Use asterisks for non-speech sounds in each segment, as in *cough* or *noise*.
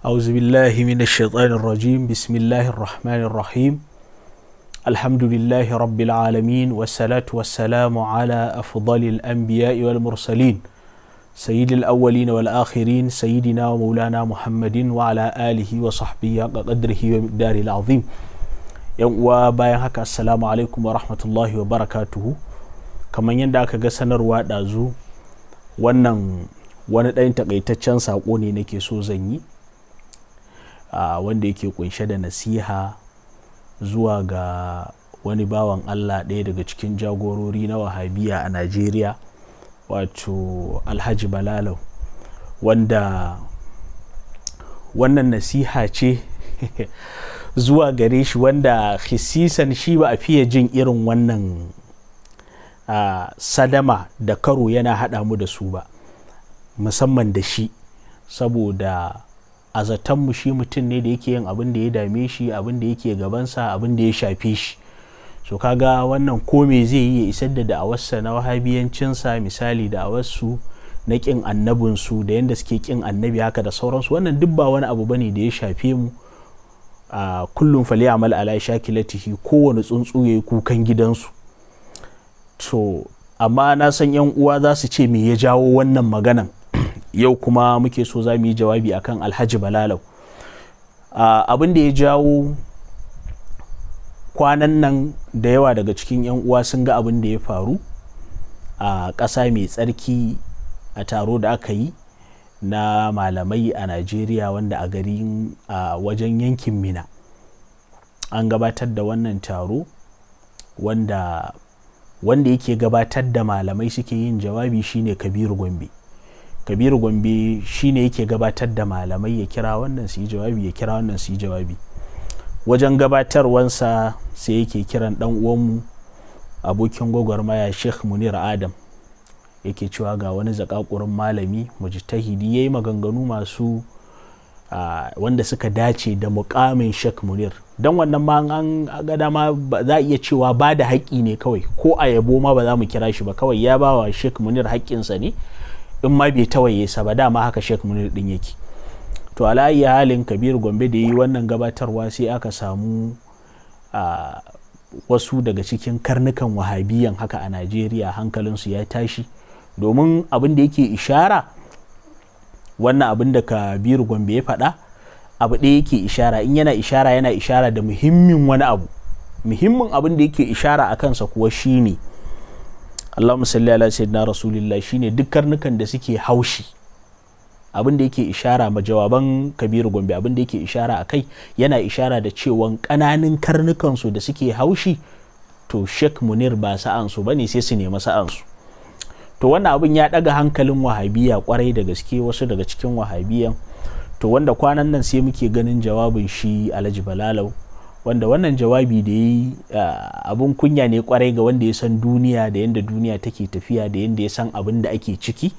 أعوذ بالله من الشيطان الرجيم بسم الله الرحمن الرحيم الحمد لله رب العالمين والصلاة والسلام على أفضل الأنبياء والمرسلين سيد الأولين والآخرين سيدنا ومولانا محمد وعلى آله وصحبه قدره ومقداره العظيم وبايان هكا السلام عليكم ورحمة الله وبركاته kamar yadda aka ga sanarwa ɗazu wannan wani ɗayan takaitaccen saƙo ne nake so zan yi wanda yake kunshe da nasiha zuwa ga wani bawan allah ɗaya daga cikin jagorori na wahabiya a najeriya wato alhaji balalau wanda wannan nasiha ce *laughs* zuwa gare shi wanda hisisan shi ba a fiye jin irin wannan sadama da karo yana haɗa mu da su ba musamman da shi saboda a mu shi mutum ne da yake yin abin da ya dame shi abin da yake gabansa abin da ya shafe shi so kaga wannan ko me zai yi ya isar da da'awarsa na wahabiyancinsa misali da wasu na kin annabinsu da yadda suke kin annabi haka da sauransu wannan duk ba wani abu bane da ya shafe mu a kullum fali amal ala shakilatihi kowane tsuntsu ya yi kukan gidansu to amma na san yan uwa za su ce me ya jawo wannan maganan yau kuma muke so za mu yi jawabi akan alhaji balalau abin da ya jawo kwanan nan da yawa daga cikin 'yan uwa sun ga abin da ya faru a ƙasa mai tsarki a taro da aka yi na malamai a najeriya wanda a garin a wajen yankin mina an gabatar da wannan taro wanda wanda yake gabatar da malamai suke yin jawabi shine kabiru gombe kabiru gombe shine yake gabatar da malamai ya kira wannan su yi jawabi ya kira wannan su yi jawabi wajen gabatarwansa sai yake kiran dan uwanmu abokin gwagwarmaya sheikh munir adam yake cewa ga wani zakakurin malami mujtahidi yayi maganganu masu wanda suka dace da mukamin sheikh munir don wannan ma an ga dama za iya cewa ba da haƙƙi ne kawai ko a yabo ma ba za mu kira shi ba kawai ya bawa wa sheikh munir haƙƙinsa ne in ma bai tawaye sa ba dama haka Sheikh Munir din yake to ala halin Kabir Gombe da yi wannan gabatarwa sai aka samu a wasu daga cikin karnukan wahabiyan haka a Najeriya hankalinsu ya tashi domin abin da yake ishara wannan abin da Kabir Gombe ya faɗa abu ɗaya yake ishara in yana ishara yana ishara da muhimmin wani abu muhimmin abin da yake ishara a kansa kuwa shine ne Allahumma salli ala sayyidina rasulillah shine duk karnukan da suke haushi abin da yake ishara ma jawaban kabiru gombe abin da yake ishara a kai yana ishara da cewan karnukan karnukansu da suke haushi to sheikh munir ba sa'ansu ba ne sai su nemi sa'ansu to wannan abin ya daga hankalin wahabiya kwarai da gaske wasu daga cikin wahabiyan to wanda kwanan nan sai muke ganin jawabin shi alhaji balalau wanda wannan jawabi da ya yi abin kunya ne kwarai ga wanda ya san duniya da yadda duniya take tafiya da yadda ya san abin da ake ciki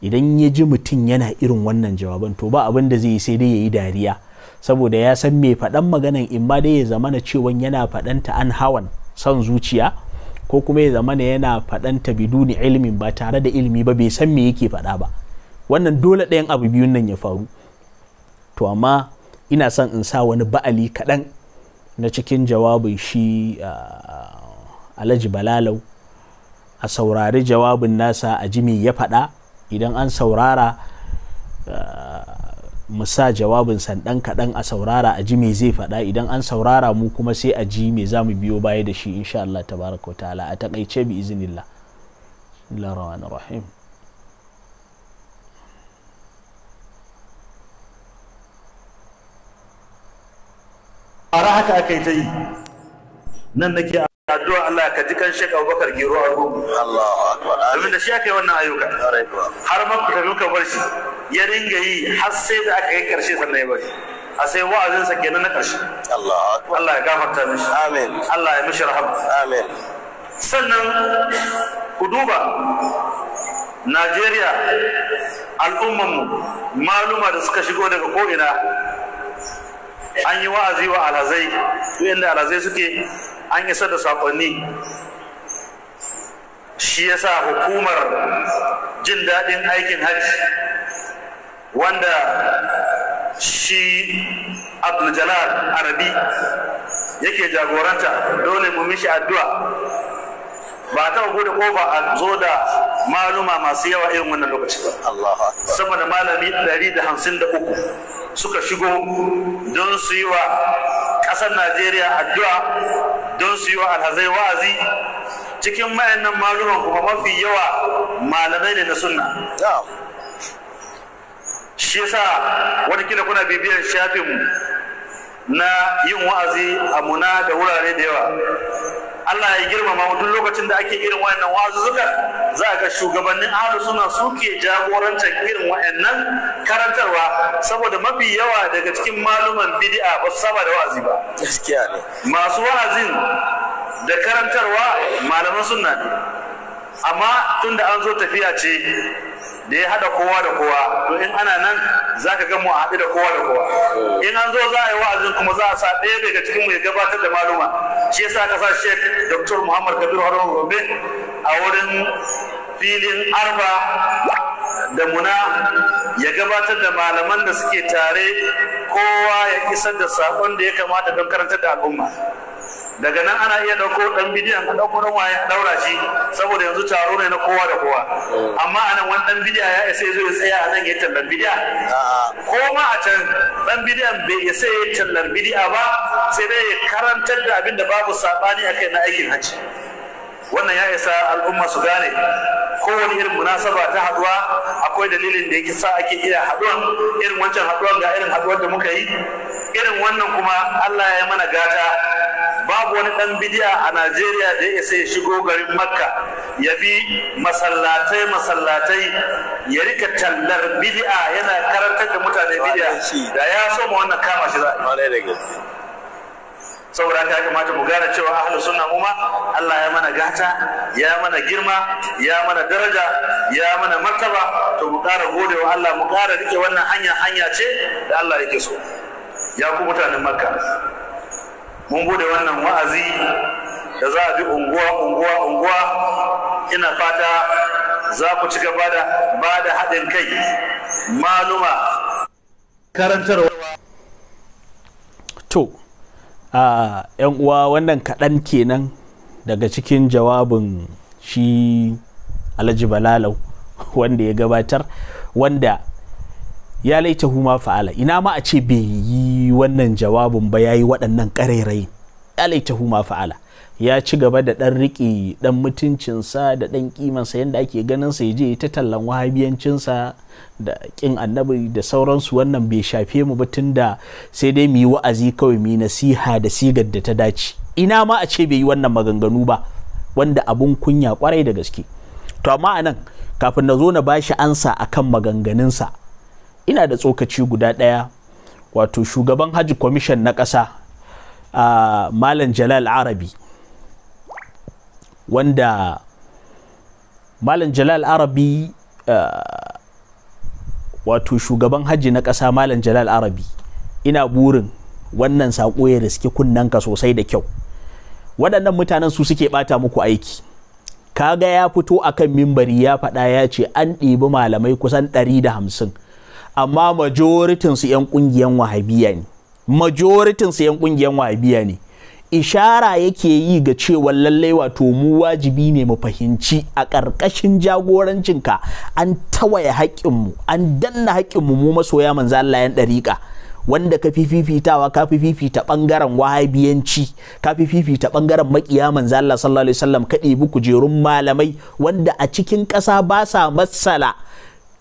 idan ya ji mutum yana irin wannan jawaban to ba abin da zai yi sai dai ya yi dariya saboda ya san mai faɗan maganan in ma dai ya zamana cewan yana faɗanta an hawan son zuciya ko kuma ya zamana yana faɗanta biduni ilimin ba tare da ilimi ba bai san me yake faɗa ba wannan dole ɗayan abu biyun nan ya faru to amma ina son in sa wani ba'ali kaɗan na cikin jawabin shi alhaji balalau a saurari jawabin nasa a jimi ya faɗa idan an saurara mu sa jawabin sandan kaɗan a saurara a ji me zai faɗa idan an saurara mu kuma sai a ji me za mu biyo baya da shi insha Allah tabaraka wa ta'ala a taƙaice bi iznillah Allah rahim ara haka aka yi ta yi nan nake addu'a Allah ka ji kan Sheikh Abubakar Gero a gungu Allahu akbar domin da shi aka yi wannan ayyuka har ma ku tafi ka bar shi ya ringa yi har sai da aka yi karshe sannan ya bari. a sai wa'azinsa kenan na karshe Allah Allah ya gafarta mishi amin Allah ya mishi rahama amin sannan ku duba Najeriya mu maluma da suka shigo daga ko'ina an yi wa'azi wa alhazai duk inda alhazai suke an isar da sakonni shi yasa hukumar jin daɗin aikin hajji wanda shi abdul-jalal arabi yake jagoranta dole mu mishi addu'a ba ta bude kofa a zo da maluma masu yawa irin wannan lokaci ba saboda malami 153 suka shigo don su yi wa ƙasar najeriya addu'a don su yi wa alhazai wa'azi cikin nan maluman kuma mafi yawa malamai ne na sunna shi yasa wani kila kuna bibiyar shafinmu na yin wa'azi a muna da wurare da yawa Allah ya girmama mu duk lokacin da ake irin wayannan wa'azuzzukan za ga shugabannin ahlus suna suke jagorantar irin wa'annan karantarwa saboda mafi yawa daga cikin maluman bidi'a ba su saba da wa'azi ba masu wa'azin da karantarwa malaman sunna ne amma tunda an zo tafiya ce da ya haɗa kowa da kowa to in ana nan za ka gan mu haɗu da kowa da kowa in an zo za a yi wa'azin kuma za a sa ɗaya daga cikin mu ya gabatar da maluma shi yasa ka sa shek dr muhammad kabir haruna Gobe a wurin filin arba da muna ya gabatar da malaman da suke tare kowa ya isar da saƙon da ya kamata don karantar da al'umma daga nan ana iya ɗauko ɗan bidiyan ka ɗauko ɗan waye a ɗaura shi saboda yanzu taro ne na kowa da kowa amma a nan wani ɗan bidiya ya isa ya tsaya a nan ya tallar bidiya ko ma a can ɗan bidiyan bai isa ya tallar bidiya ba sai dai ya karantar da abin da babu saɓani a kai na aikin hajji wannan ya isa al'umma su gane kowane irin munasaba ta haduwa akwai dalilin da yake sa ake iya haduwan irin wancan haduwan ga irin haduwar da muka yi irin wannan kuma Allah ya yi mana gata babu wani ɗan bidiya a Najeriya da ya sai shigo garin Makka ya bi masallatai masallatai ya rika tallar bidi'a yana karantar da mutane bidi'a da ya so mu wannan kama shi za saboda haka ya kamata mu gane cewa ahlus sunna mu ma Allah ya mana gata ya mana girma ya mana daraja ya mana martaba to mu ƙara godewa Allah mu kara rike wannan hanya hanya ce da Allah yake so ya ku mutanen Makka mun bude wannan wa'azi da za a bi unguwa unguwa unguwa ina fata za ku ci gaba da ba da haɗin kai maluma karantarwa to a yan uwa wannan kaɗan kenan daga cikin jawabin shi alhaji balalau *laughs* wanda ya gabatar wanda ya laita huma fa'ala ina ma a ce bai yi wannan jawabin ba ya yi waɗannan ƙarairayin ya laita huma fa'ala ya ci gaba da ɗan riƙe ɗan mutuncinsa da ɗan ƙimansa yadda ake ganin sa ya je ta tallan wahabiyancinsa da ƙin annabi da sauransu wannan bai shafe mu ba tun da sai dai mu yi wa'azi kawai mu yi nasiha da sigar da ta dace ina ma a ce bai yi wannan maganganu ba wanda abun kunya kwarai da gaske to amma nan kafin na zo na bashi ansa akan maganganunsa ina da tsokaci guda ɗaya wato shugaban haji kwamishan na ƙasa a malam jalal arabi wanda malam jalal arabi wato shugaban hajji na ƙasa malam jalal arabi ina burin wannan saƙo ya riske kunnanka sosai da kyau waɗannan mutanen su suke ɓata muku aiki kaga ya fito akan mimbari ya faɗa ya ce an ɗibi malamai kusan 150. amma majoritin su yan kungiyan wahabiya ne majoritin su yan kungiyan wahabiya ne ishara yake yi ga cewa lallai wato mu wajibi ne mu fahimci a ƙarƙashin jagorancinka an tawaye mu an danna haƙƙinmu mu mu masoya manzo Allah yan ɗariƙa wanda ka fi fifitawa ka fi fifita ɓangaren wahabiyanci ka fi fifita ɓangaren maƙiya manzo Allah sallallahu alaihi wasallam ka ɗebi kujerun malamai wanda a cikin ƙasa ba sa matsala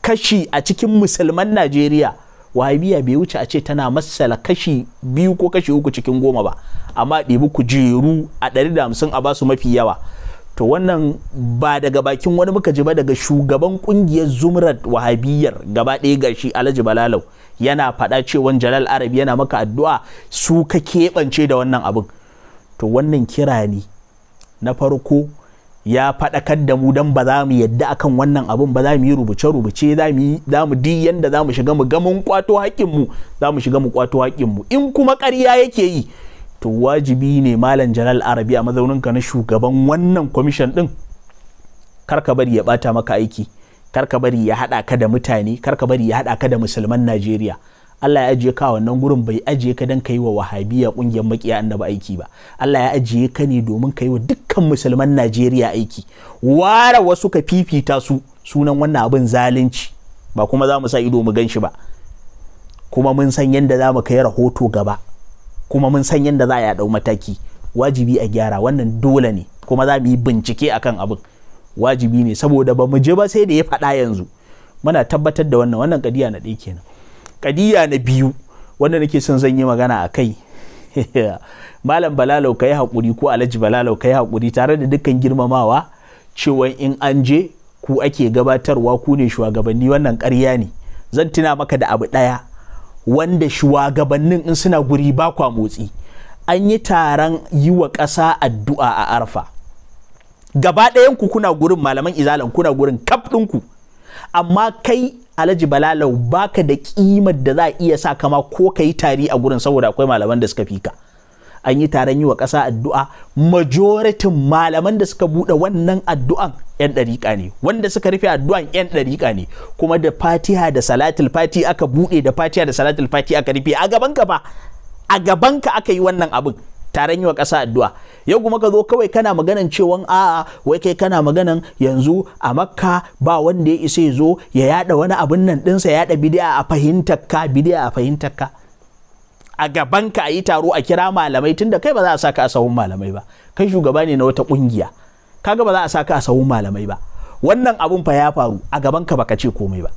kashi a cikin musulman najeriya wahabiya bai wuce a ce tana masala kashi biyu ko kashi uku cikin goma ba amma ɗibi kujeru a ɗari da hamsin a basu mafi yawa to wannan ba daga bakin wani muka ji ba daga shugaban kungiyar zumrat wahabiyar gaba ɗaya ga shi alhaji balalau yana faɗa cewan jalal arabi yana maka addu'a su ka keɓance da wannan abin to wannan kira ne na farko ya faɗakar da mu don ba za mu yadda akan wannan abin ba za mu yi rubuce-rubuce za mu di yadda za mu shiga mu ga kwato haƙƙinmu za mu shiga mu kwato haƙƙinmu in kuma ƙarya yake yi to wajibi ne malam janar arabi a mazauninka na shugaban wannan kwamishin ɗin karka bari ya ɓata maka aiki karka bari ya haɗa ka da mutane karka bari ya haɗa ka da musulman najeriya Allah ya ajiye ka wannan gurin bai ajiye ka don ka yi wa wahabiya kungiyar makiya annaba aiki ba Allah ya ajiye ka ne domin ka yi wa dukkan musulman Najeriya aiki ware wasu ka fifita su sunan wannan abin zalunci ba kuma za mu sa ido mu gan shi ba kuma mun san yadda za mu kai rahoto gaba kuma mun san yadda za a yaɗau mataki wajibi a gyara wannan dole ne kuma za mu yi bincike akan abin wajibi ne saboda ba mu je ba sai da ya faɗa yanzu muna tabbatar da wannan wannan kadiya na ɗaya kenan kadiya na biyu wanda nake son zan yi magana a kai *laughs* malam balalau ka yi haƙuri ko alhaji balalau ka yi haƙuri tare da dukkan girmamawa cewa in an je ku ake gabatarwa ku ne shugabanni wannan ƙarya ne zan tuna maka da abu ɗaya wanda shugabannin in suna guri ba kwa motsi an yi taron yi wa ƙasa addu'a a arfa gaba ku kuna gurin malaman izalan kuna gurin kaf ɗinku amma kai alhaji balalau baka da kimar da za a iya sa kama ko ka yi tari a gurin saboda akwai malaman da suka fika an yi taron yi wa ƙasa addu'a majoritin malaman da suka buɗe wannan addu'an 'yan ɗariƙa ne wanda suka rufe addu'an 'yan ɗariƙa ne kuma da fatiha da salatul fati aka buɗe da fatiha da salatul fati aka rufe a gaban ka fa a gaban ka aka yi wannan abin taron yi wa ƙasa addu'a yau kuma ka zo kawai kana maganan cewan a'a wai kai kana maganan yanzu a makka ba wanda ya isa ya zo ya yada wani abin nan ɗinsa ya yada bidiya a fahimtar ka bidiya a fahimtar ka a gaban ka a yi taro a kira malamai tunda kai ba za a saka a sahun malamai ba kai shugaba ne na wata kungiya kaga ba za a saka a sahun malamai ba wannan abun fa ya faru a gaban ka baka ce komai ba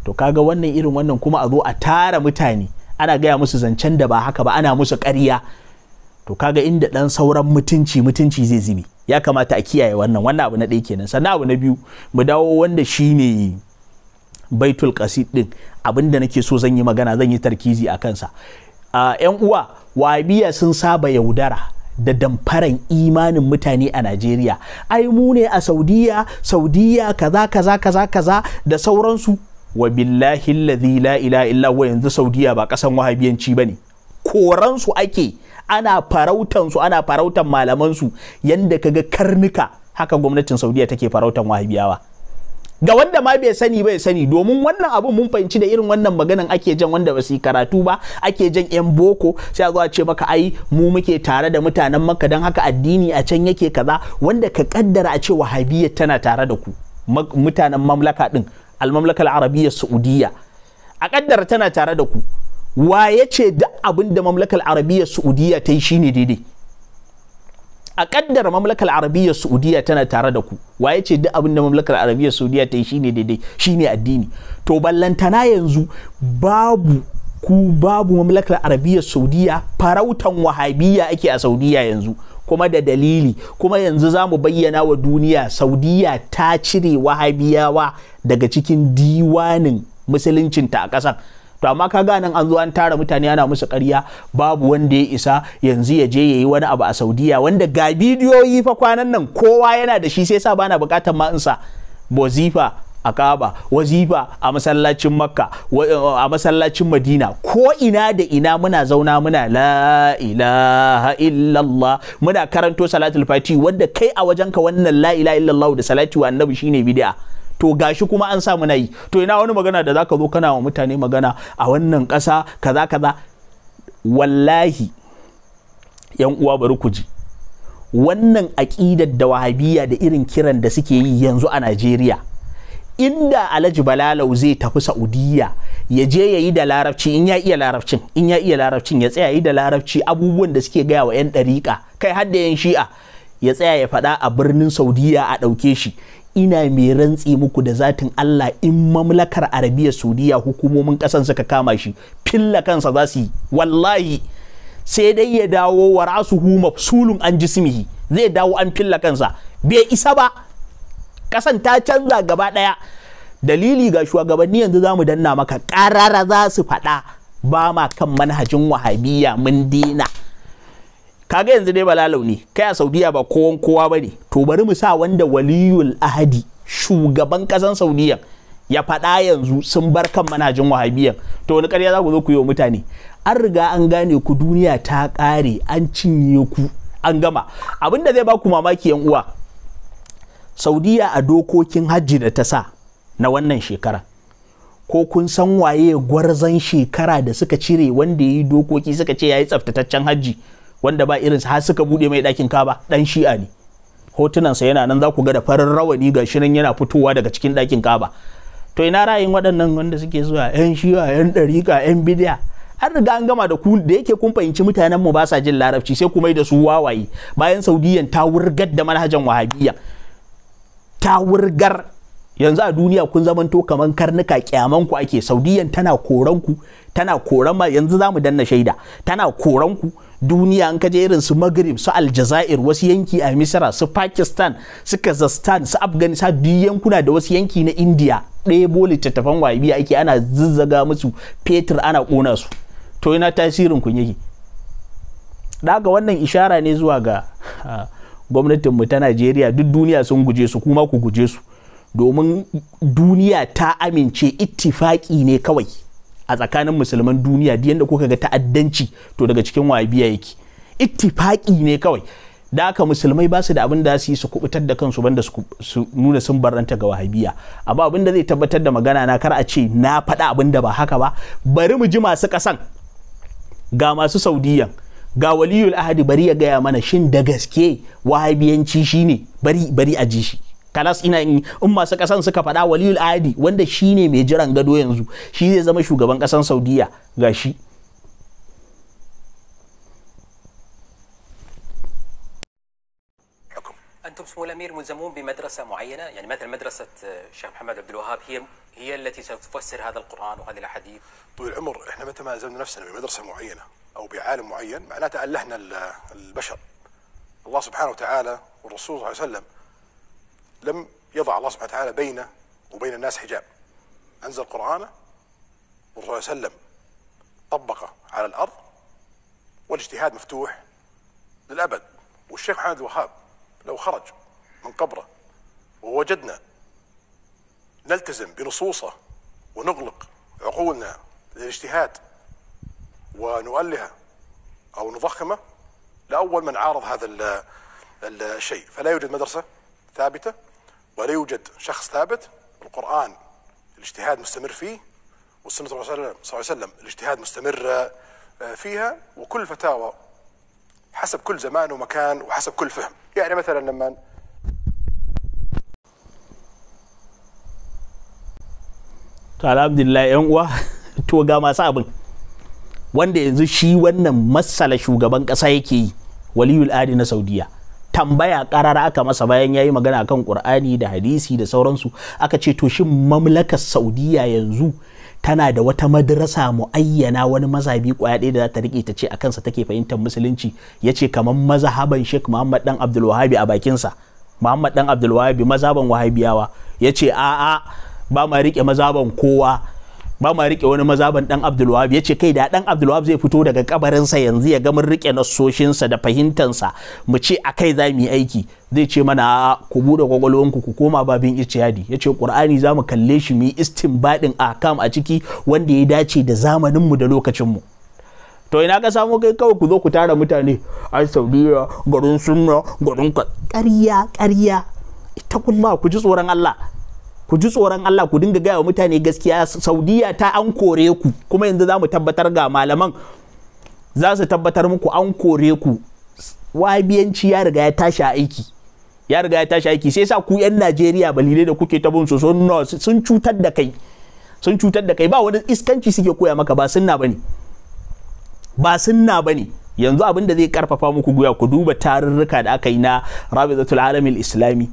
to kaga wannan irin wannan kuma a zo a tara mutane ana gaya musu zancen da ba haka ba ana musu ƙarya to kaga inda dan sauran mutunci mutunci zai zibi ya kamata a kiyaye wannan wannan abu na ɗaya kenan sannan abu na biyu mu dawo wanda shine baitul qasid din abinda nake so zan yi magana zan yi tarkizi a kansa a yan uwa wabiya sun saba yaudara da damfaran imanin mutane a Najeriya ai mu ne a Saudiya Saudiya kaza kaza kaza kaza da sauransu wa billahi la ilaha illa yanzu Saudiya ba kasan wahabiyanci bane koransu ake ana farautan su ana farautan malaman su ka ga karnuka haka gwamnatin Saudiya take farautan wahabiyawa ga wanda ma bai sani bai sani domin wannan abun mun fahimci da irin wannan maganan ake jan wanda ba su karatu ba ake jan yan boko sai a zo a ce maka ai mu muke tare da mutanen maka don haka addini a can yake kaza wanda ka kaddara a ce wahabiyya tana tare da ku mutanen mamlaka din al-mamlaka al-arabiyya saudiya a kaddara tana tare da ku wa ya ce duk abin da mamlakar arabiyyar saudiya ta yi shine daidai a kaddar mamlakar arabiyyar saudiya tana tare da ku wa ya ce duk abin da mamlakar arabiyyar saudiya ta yi shine daidai shine addini to ballantana yanzu babu ku babu mamlakar arabiyyar saudiya farautan wahabiya ake a saudiya yanzu kuma da dalili kuma yanzu za mu bayyana wa duniya saudiya ta cire wahabiyawa daga cikin diwanin musuluncinta a ƙasar to amma ga nan an zo an tara mutane ana musu ƙarya babu wanda ya isa yanzu ya je yayi wani abu a Saudiya wanda ga bidiyoyi fa kwanan nan kowa yana da shi sai sa bana bukatar ma insa bozifa a kaba wazifa a masallacin Makka a masallacin Madina ko ina da ina muna zauna muna la ilaha illallah muna karanto salatul fati wanda kai a wajenka wannan la ilaha illallah da salati wa annabi shine bid'a to gashi kuma an samu na yi to ina wani magana da zaka zo kana wa mutane magana a wannan kasa kaza kaza wallahi yan uwa bari ku ji wannan aƙidar da wahabiyya da irin kiran da suke yi yanzu a Najeriya inda Alhaji Balalau zai tafi Saudiya ya je ya yi da larabci in ya iya larabcin in ya iya larabcin ya tsaya yi da larabci abubuwan da suke gaya wa 'yan ɗariƙa kai har da 'yan shi'a ya tsaya ya faɗa a birnin Saudiya a ɗauke shi ina mai rantsi muku da zatin Allah in mamlakar arabiya saudiya hukumomin kasan suka kama shi filla kansa za su yi wallahi sai dai ya dawo wa rasuhu mafsulun an jismihi zai dawo an filla kansa bai isa ba kasan ta canza gaba daya dalili ga shugabanni yanzu za mu danna maka ƙarara za su faɗa ba ma kan manhajin wahabiyya mun dina kaga yanzu dai balalau ne kai a saudiya ba kowan kowa ba ne to bari mu sa wanda waliyul ahadi shugaban kasan saudiya ya faɗa yanzu sun bar kan manajin wahabiyan to wani karya za ku zo ku yi wa mutane an riga an gane ku duniya ta ƙare an cinye ku an gama abin da zai ba ku mamaki yan uwa saudiya a dokokin hajji da ta sa na wannan shekara ko kun san waye gwarzan shekara da suka cire wanda ya yi dokoki suka ce ya yi tsaftataccen hajji wanda ba irinsa har suka bude mai ɗakin kaba ɗan shi'a ne hotunansa yana nan za ku ga da farin rawani ga shi nan yana fitowa daga cikin ɗakin kaba to ina ra'ayin waɗannan wanda suke zuwa yan shi'a yan ɗariƙa yan bidiya har riga an gama da ku da yake kun fahimci mutanen mu ba sa jin larabci sai kuma da su wawaye bayan saudiyan ta wurgar da manhajan wahabiyya ta wurgar yanzu a duniya kun zamanto kamar karnuka kyaman ku ake saudiyan tana koranku tana koran ma yanzu za mu danna shaida tana koranku. duniya an kaje irin su maghrib su aljazair wasu yanki a misira su pakistan su kazakhstan su afghanistan duk yankuna da wasu yanki na india ɗebo littattafan wahabiya ake ana zazzaga musu fetur ana ƙona su to ina tasirin kun yake daga wannan ishara ne zuwa ga ah, gwamnatin mu ta najeriya duk duniya sun guje su kuma ku guje su domin duniya ta amince ittifaki ne kawai a tsakanin musulman duniya duk yanda kuka ga ta'addanci to daga cikin wahabiya yake ittifaki ne kawai da aka musulmai ba su da abin da su yi su kubutar da kansu banda su nuna sun barranta ga wahabiya amma abin da zai tabbatar da magana na kar a ce na faɗa abin da ba haka ba bari mu ji masu kasan ga masu saudiyan ga waliyul ahadi bari ya gaya mana shin da gaske wahabiyanci shine bari bari a ji shi kalas ina in masu kasan suka fada waliyul adi wanda shine mai jiran gado yanzu shi zai zama shugaban kasan saudiya gashi shi الامير ملزمون بمدرسه معينه يعني مثل مدرسه آه، الشيخ محمد عبد الوهاب هي هي التي ستفسر هذا القران وهذه الاحاديث طول العمر احنا متى ما الزمنا نفسنا بمدرسه معينه او بعالم معين معناته الهنا البشر الله سبحانه وتعالى والرسول صلى الله عليه وسلم لم يضع الله سبحانه وتعالى بينه وبين الناس حجاب أنزل قرآنه والرسول صلى الله عليه وسلم طبقه على الأرض والاجتهاد مفتوح للأبد والشيخ محمد الوهاب لو خرج من قبره ووجدنا نلتزم بنصوصه ونغلق عقولنا للاجتهاد ونؤلهه او نضخمه لاول من عارض هذا الشيء فلا يوجد مدرسه ثابته ولا يوجد شخص ثابت القرآن الاجتهاد مستمر فيه والسنة صلى الله عليه وسلم الاجتهاد مستمر آه، فيها وكل فتاوى حسب كل زمان ومكان وحسب كل فهم يعني مثلا لما قال عبد الله uwa to ga masu abin wanda yanzu shi wannan matsala shugaban ƙasa ولي yi waliyul adi saudiya tambaya karara aka masa bayan yayi magana kan Qur'ani da hadisi da sauransu aka ce to shin mamlakar Saudiya yanzu tana da wata madrasa muayyana wani mazhabi kwaya ɗaya da za ta rike ta ce a kansa take fahimtar musulunci ya ce kamar mazhaban Sheikh Muhammad dan Abdul Wahhabi a bakinsa Muhammad dan Abdul Wahhabi mazhaban Wahabiyawa ya ce a'a ba ma rike mazhaban kowa ba ma rike wani mazaban dan Abdulwahab yace kai da dan Abdulwahab zai fito daga kabarin sa yanzu ya ga mun rike nassoshinsa da fahimtansa mu ce akai za mu yi aiki zai ce mana ku bude kwakwalwanku ku ku koma babin ijtihadi yace Qur'ani za mu kalle shi mu yi istinbadin ahkam a ciki wanda ya dace da zamanin mu da lokacin mu to ina ka samu kai kawai ku zo ku tara mutane ai Saudiya garin sunna garin ƙarya ƙarya ita kullum ku ji tsoron Allah ku ji tsoron Allah ku dinga gaya wa mutane gaskiya saudiya ta an kore ku kuma yanzu za mu tabbatar ga malaman za su tabbatar muku an kore ku wabiyanci ya riga ya tashi aiki ya riga ya tashi aiki sai sa ku yan Najeriya balile da kuke ta su sun cutar da kai sun cutar da kai ba wani iskanci suke koya maka ba sunna bane ba sunna bane yanzu abin da zai karfafa muku guya ku duba tarurruka da aka yi na Rabizatul Alamil Islami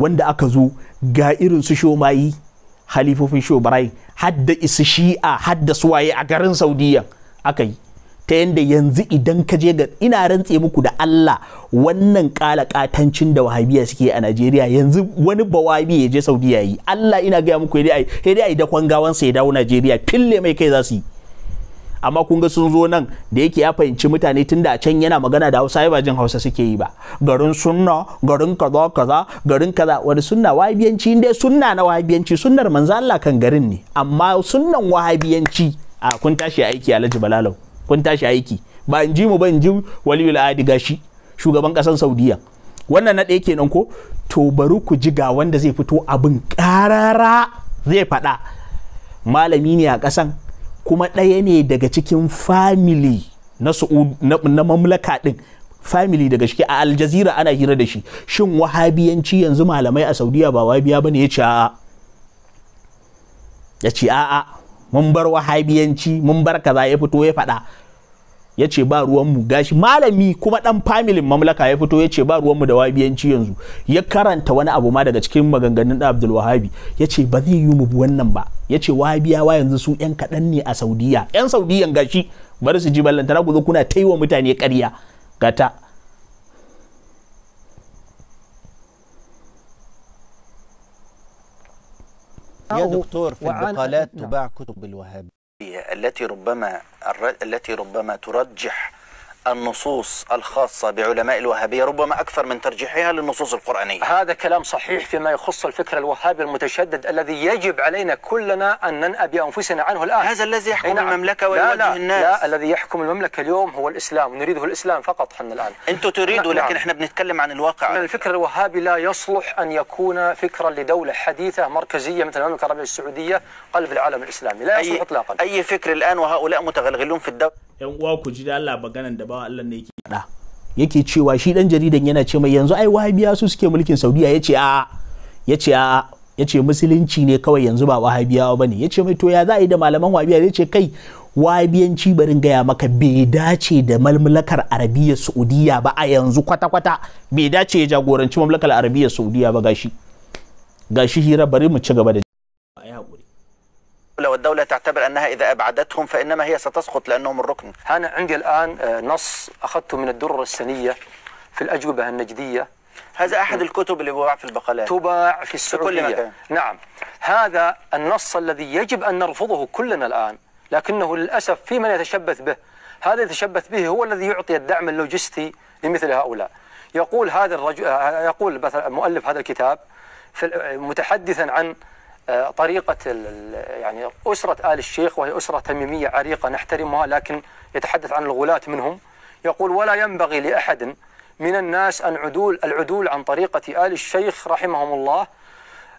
wanda aka zo ga irin su shomayi halifofin shobarai hadda isu shi'a hadda suwaye a garin saudiya aka yi ta yadda yanzu idan ka je ga ina rantse muku da Allah wannan kala katancin da wahabiya suke a Najeriya yanzu wani bawabi ya je Saudiya yi Allah ina gaya muku ya dai ai da kwangawansa ya dawo Najeriya fille mai kai za su yi amma kun ga sun zo nan da yake ya fahimci mutane tun da can yana magana da hausa ba jin hausa suke yi ba garin sunna garin kaza kaza garin kaza wani sunna wahabiyanci inda sunna na wahabiyanci sunnar manzo Allah kan garin ne amma sunnan wahabiyanci a kun tashi aiki Alhaji Balalau kun tashi aiki ba in ji mu ba in ji Waliyul Adi gashi shugaban kasan Saudiya wannan na ɗaya kenan ko to bari ku ji ga wanda zai fito abin ƙarara zai faɗa malami ne a ƙasan kuma ɗaya ne daga cikin family na, mamlaka ɗin family daga shi a aljazira ana hira da shi shin wahabiyanci yanzu malamai a saudiya ba wahabiya ba ne ya ce a'a ya ce a mun bar wahabiyanci mun bar kaza ya fito ya faɗa ya ce ba ruwanmu gashi malami kuma ɗan familin mamlaka ya fito ya ce ba ruwanmu da wahabiyanci yanzu ya karanta wani abu ma daga cikin maganganun da abdul wahabi ya ce ba zai yi mu wannan ba yace ya biya wahabiyawa yanzu su yan kadan ne a saudiya yan saudiyan gashi bari su ji ballantana ku zo kuna taiwa mutane ƙarya gata يا دكتور في البقالات تباع كتب الوهابية التي ربما التي ربما ترجح النصوص الخاصة بعلماء الوهابية ربما أكثر من ترجيحها للنصوص القرآنية هذا كلام صحيح فيما يخص الفكر الوهابي المتشدد الذي يجب علينا كلنا أن ننأى بأنفسنا عنه الآن هذا الذي يحكم نعم. المملكة ويواجه لا لا الناس لا الذي يحكم المملكة اليوم هو الإسلام نريده الإسلام فقط حنا الآن أنتوا تريدوا نعم. لكن نعم. احنا بنتكلم عن الواقع الفكر الوهابي لا يصلح أن يكون فكرا لدولة حديثة مركزية مثل المملكة العربية السعودية قلب العالم الإسلامي لا يصلح أي... إطلاقا أي فكر الآن وهؤلاء متغلغلون في الدولة 'yan uwa ku ji da Allah maganan da ba bawa Allah ne yake yake cewa shi dan jaridan yana ce mai yanzu ai wahabiya su suke mulkin saudiya ya a ya a ya musulunci ne kawai yanzu ba wahabiyawa ba ne yace mai to ya za a yi da malaman wahabiya ya ce kai wahabiyanci barin gaya maka bai dace da mamlakar arabiya saudiya ba a yanzu kwata-kwata bai dace ya jagoranci mamlakar arabiya saudiya ba gashi gashi hira bari mu ci gaba da الدولة والدولة تعتبر أنها إذا أبعدتهم فإنما هي ستسقط لأنهم الركن أنا عندي الآن آه, نص أخذته من الدرر السنية في الأجوبة النجدية هذا أحد الكتب اللي بوع في البقالات تباع في السعودية في كل مكان. نعم هذا النص الذي يجب أن نرفضه كلنا الآن لكنه للأسف في من يتشبث به هذا يتشبث به هو الذي يعطي الدعم اللوجستي لمثل هؤلاء يقول هذا الرجل آه, يقول مثلا مؤلف هذا الكتاب آه, متحدثا عن آه، طريقة يعني أسرة آل الشيخ وهي أسرة تميمية عريقة نحترمها لكن يتحدث عن الغلاة منهم يقول ولا ينبغي لأحد من الناس أن عدول العدول عن طريقة آل الشيخ رحمهم الله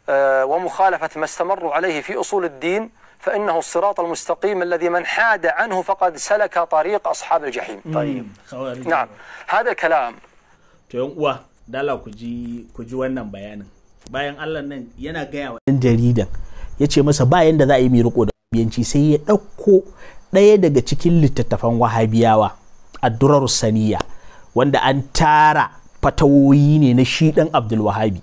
آه، ومخالفة ما استمروا عليه في أصول الدين فإنه الصراط المستقيم الذي من حاد عنه فقد سلك طريق أصحاب الجحيم طيب نعم هذا كلام bayan Allah nan yana gaya wa ɗan jaridan ya ce masa bayan da za a yi mai riko da wahabiyanci sai ya ɗauko ɗaya daga cikin littattafan wahabiyawa a durar saniya wanda an tara fatawoyi ne na shi ɗan abdul wahabi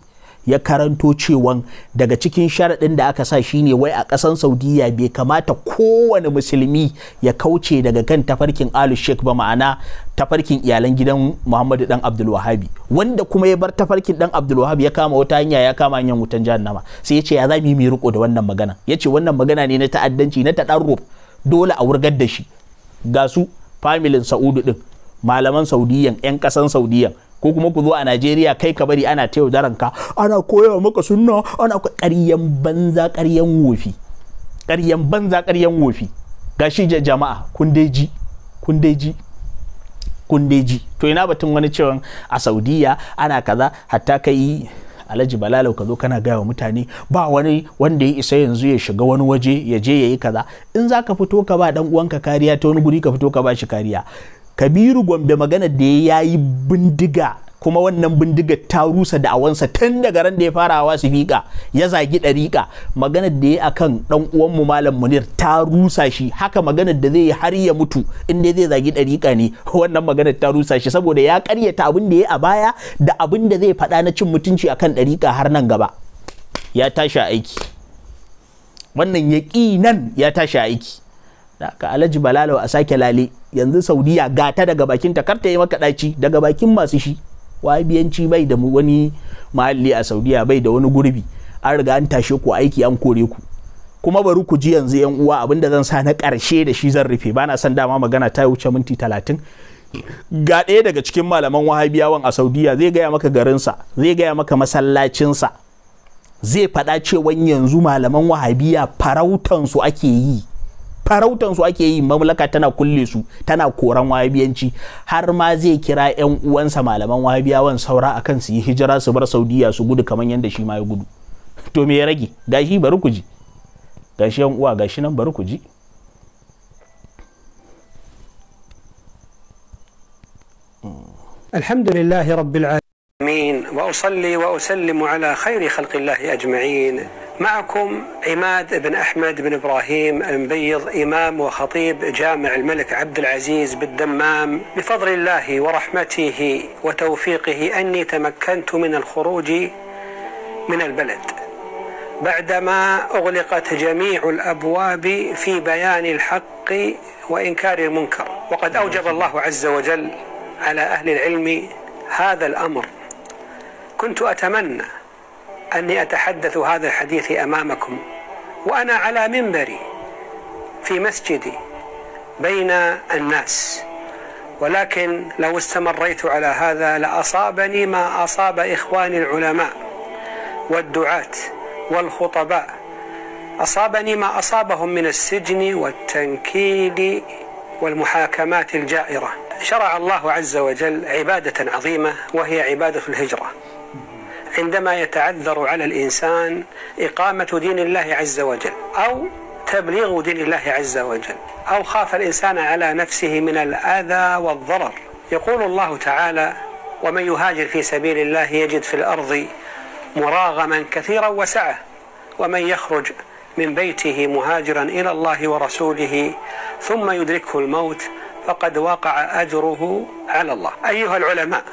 ya karanto cewan daga cikin sharaɗin da aka sa shine wai a ƙasan saudiya bai kamata kowane musulmi ya kauce daga kan tafarkin alu sheik ba ma'ana tafarkin iyalan gidan muhammadu dan abdulwahabi wanda kuma ya bar tafarkin dan abdulwahabi ya kama wata hanya ya kama hanyar wutan jahannama sai ya ce ya za mu yi riko da wannan magana ya ce wannan magana ne na ta'addanci na taɗarruf dole a wurgar da shi ga su familin sa'udu din malaman saudiyan 'yan ƙasan saudiyan ko kuma ku zo a Najeriya kai ka bari ana ta yaudaran ka ana koyawa maka sunna ana ƙaryan banza ƙaryan wofi ƙaryan banza ƙaryan wofi gashi je jama'a kun dai ji kun dai ji kun dai ji to ina batun wani cewa a Saudiya ana kaza hatta kai alhaji balalau ka zo kana gaya wa mutane ba wani wanda ya isa yanzu ya shiga wani waje ya je ya yi kaza in za ka fito ka ba dan uwanka kariya ta wani guri ka fito ka ba shi kariya kabiru gombe magana da ya yi bindiga kuma wannan bindiga ta rusa da da'awansa tun daga ran da ya fara hawa sifika ya zagi ɗariƙa maganar da ya akan ɗan mu malam munir ta rusa shi haka maganar da zai yi har ya mutu in dai zai zagi ɗariƙa ne *laughs* wannan maganar ta rusa shi saboda ya ƙaryata abin da ya a baya da abin da zai faɗa na cin mutunci akan ɗariƙa har nan gaba ya tashi aiki wannan yaƙinan ya tashi aiki da ka alhaji balalo a sake lale yanzu saudiya gata daga bakin ta karta yi maka daci daga bakin masu shi wahabiyanci bai da wani mahalli a saudiya bai da wani gurbi an riga an tashe ku aiki an kore ku kuma bari ku ji yanzu yan uwa abinda zan sa na karshe da shi zan rufe bana son dama magana ta wuce minti talatin ga ɗaya daga cikin malaman wahabiyawan a saudiya zai gaya maka garinsa zai gaya maka masallacinsa zai faɗa cewa yanzu malaman wahabiya farautansu ake yi farautan su ake yi mamlaka tana kulle su tana koran wahabiyanci har ma zai kira yan uwansa malaman wahabiyawan saura akan su yi hijira su bar saudiya su gudu kamar yadda shi ma ya gudu *laughs* to me ya rage gashi bari ku ji gashi yan uwa gashi nan bari ku ji الحمد لله رب العالمين واصلي واسلم على خير خلق الله ajma'in معكم عماد بن أحمد بن إبراهيم المبيض إمام وخطيب جامع الملك عبد العزيز بالدمام بفضل الله ورحمته وتوفيقه أني تمكنت من الخروج من البلد بعدما أغلقت جميع الأبواب في بيان الحق وإنكار المنكر وقد أوجب الله عز وجل على أهل العلم هذا الأمر كنت أتمنى أني أتحدث هذا الحديث أمامكم وأنا على منبري في مسجدي بين الناس ولكن لو استمريت على هذا لأصابني ما أصاب إخواني العلماء والدعاة والخطباء أصابني ما أصابهم من السجن والتنكيل والمحاكمات الجائرة شرع الله عز وجل عبادة عظيمة وهي عبادة الهجرة عندما يتعذر على الإنسان إقامة دين الله عز وجل أو تبليغ دين الله عز وجل أو خاف الإنسان على نفسه من الأذى والضرر يقول الله تعالى ومن يهاجر في سبيل الله يجد في الأرض مراغما كثيرا وسعة ومن يخرج من بيته مهاجرا إلى الله ورسوله ثم يدركه الموت فقد وقع أجره على الله أيها العلماء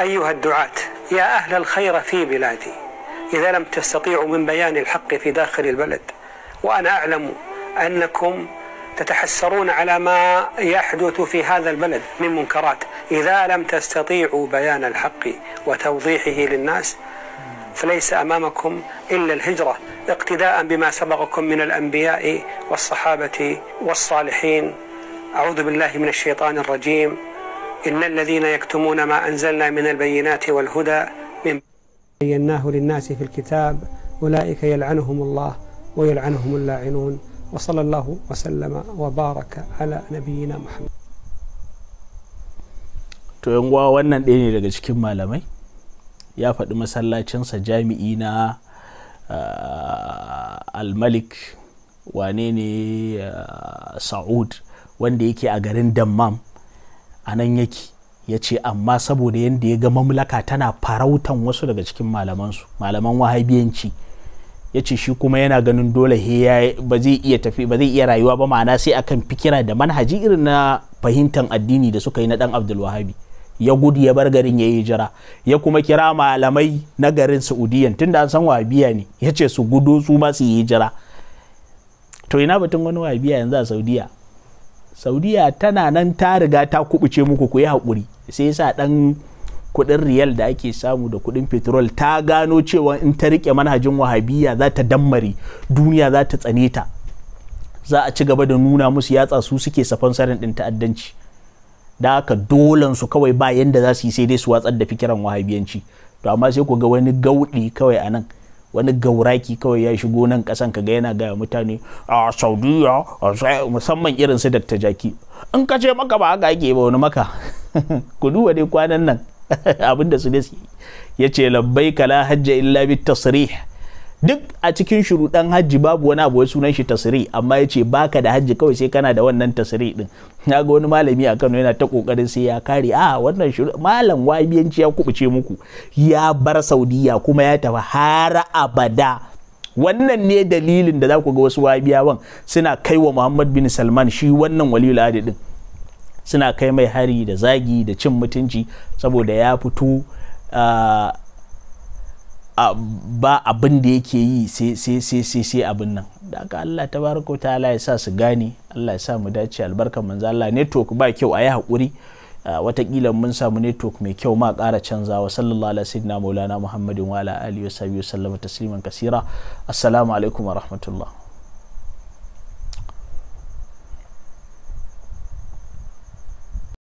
أيها الدعاة يا أهل الخير في بلادي إذا لم تستطيعوا من بيان الحق في داخل البلد وأنا أعلم أنكم تتحسرون على ما يحدث في هذا البلد من منكرات إذا لم تستطيعوا بيان الحق وتوضيحه للناس فليس أمامكم إلا الهجرة اقتداء بما سبقكم من الأنبياء والصحابة والصالحين أعوذ بالله من الشيطان الرجيم إن الذين يكتمون ما أنزلنا من البينات والهدى من بيناه للناس في الكتاب أولئك يلعنهم الله ويلعنهم اللاعنون وصلى الله وسلم وبارك على نبينا محمد to yanguwa wannan ɗaya ne daga cikin malamai ya faɗi masallacinsa jami'i na almalik wane ne sa'ud wanda yake a garin dammam a nan yake ya ce amma saboda yadda ya ga mamlaka tana farautan wasu daga cikin malamansu malaman wahabiyanci ya ce shi kuma yana ganin dole he ba zai iya tafi ba zai iya rayuwa ba ma'ana sai akan fikira da manhaji irin na fahimtar addini da suka yi na dan abdulwahabi ya gudu ya bar garin ya yi jira ya kuma kira malamai na garin saudiyan tunda an san wahabiya ne ya ce su gudu su ma su yi jira to ina batun wani wahabiya yanzu a saudiya saudiya tana nan ta riga ta kubuce muku ku yi haƙuri sai yasa ɗan kuɗin riyal da ake samu da kuɗin petrol ta gano cewa in ta rike manhajin wahabiyya za ta dammare duniya za ta tsane ta za a ci gaba da nuna musu yatsa su suke sarin din ta'addanci da haka dolan su kawai ba yanda za su yi sai dai su watsar da fikiran wahabiyanci to amma sai ku ga wani gauɗi kawai a nan wani gauraki kawai ya shigo nan kasan kaga yana gaya mutane a saudiya musamman irin su dakta jaki in ka ce maka ba haka ake ba wani maka *laughs* ku duba dai kwanan nan *laughs* abinda su ne ya ce labbai kala hajja illa bi tasrih duk a cikin shuruɗan hajji babu wani abu sunan shi tasiri amma ya ce baka da hajji kawai sai kana da wannan tasiri din na ga wani malami a kano yana ta kokarin sai ya kare a ah, wannan shuru malam wabiyanci ya kubuce muku ya bar saudiya kuma ya tafi har abada wannan ne dalilin da za ku ga wasu wabiyawan suna kai wa muhammad bin salman shi wannan waliyul adi din suna kai mai hari da zagi da cin mutunci saboda ya fito ah, ba abin da yake yi sai abin nan da aka Allah ta baraka ta Allah ya sa su gane Allah ya sa mu dace albarkar manzo Allah network ba kyau a yi haƙuri watakila mun samu network mai kyau ma ƙara canzawa sallallahu alaihi sayyidina maulana muhammadin wa ala alihi wa wa sallama kasira assalamu alaikum wa rahmatullah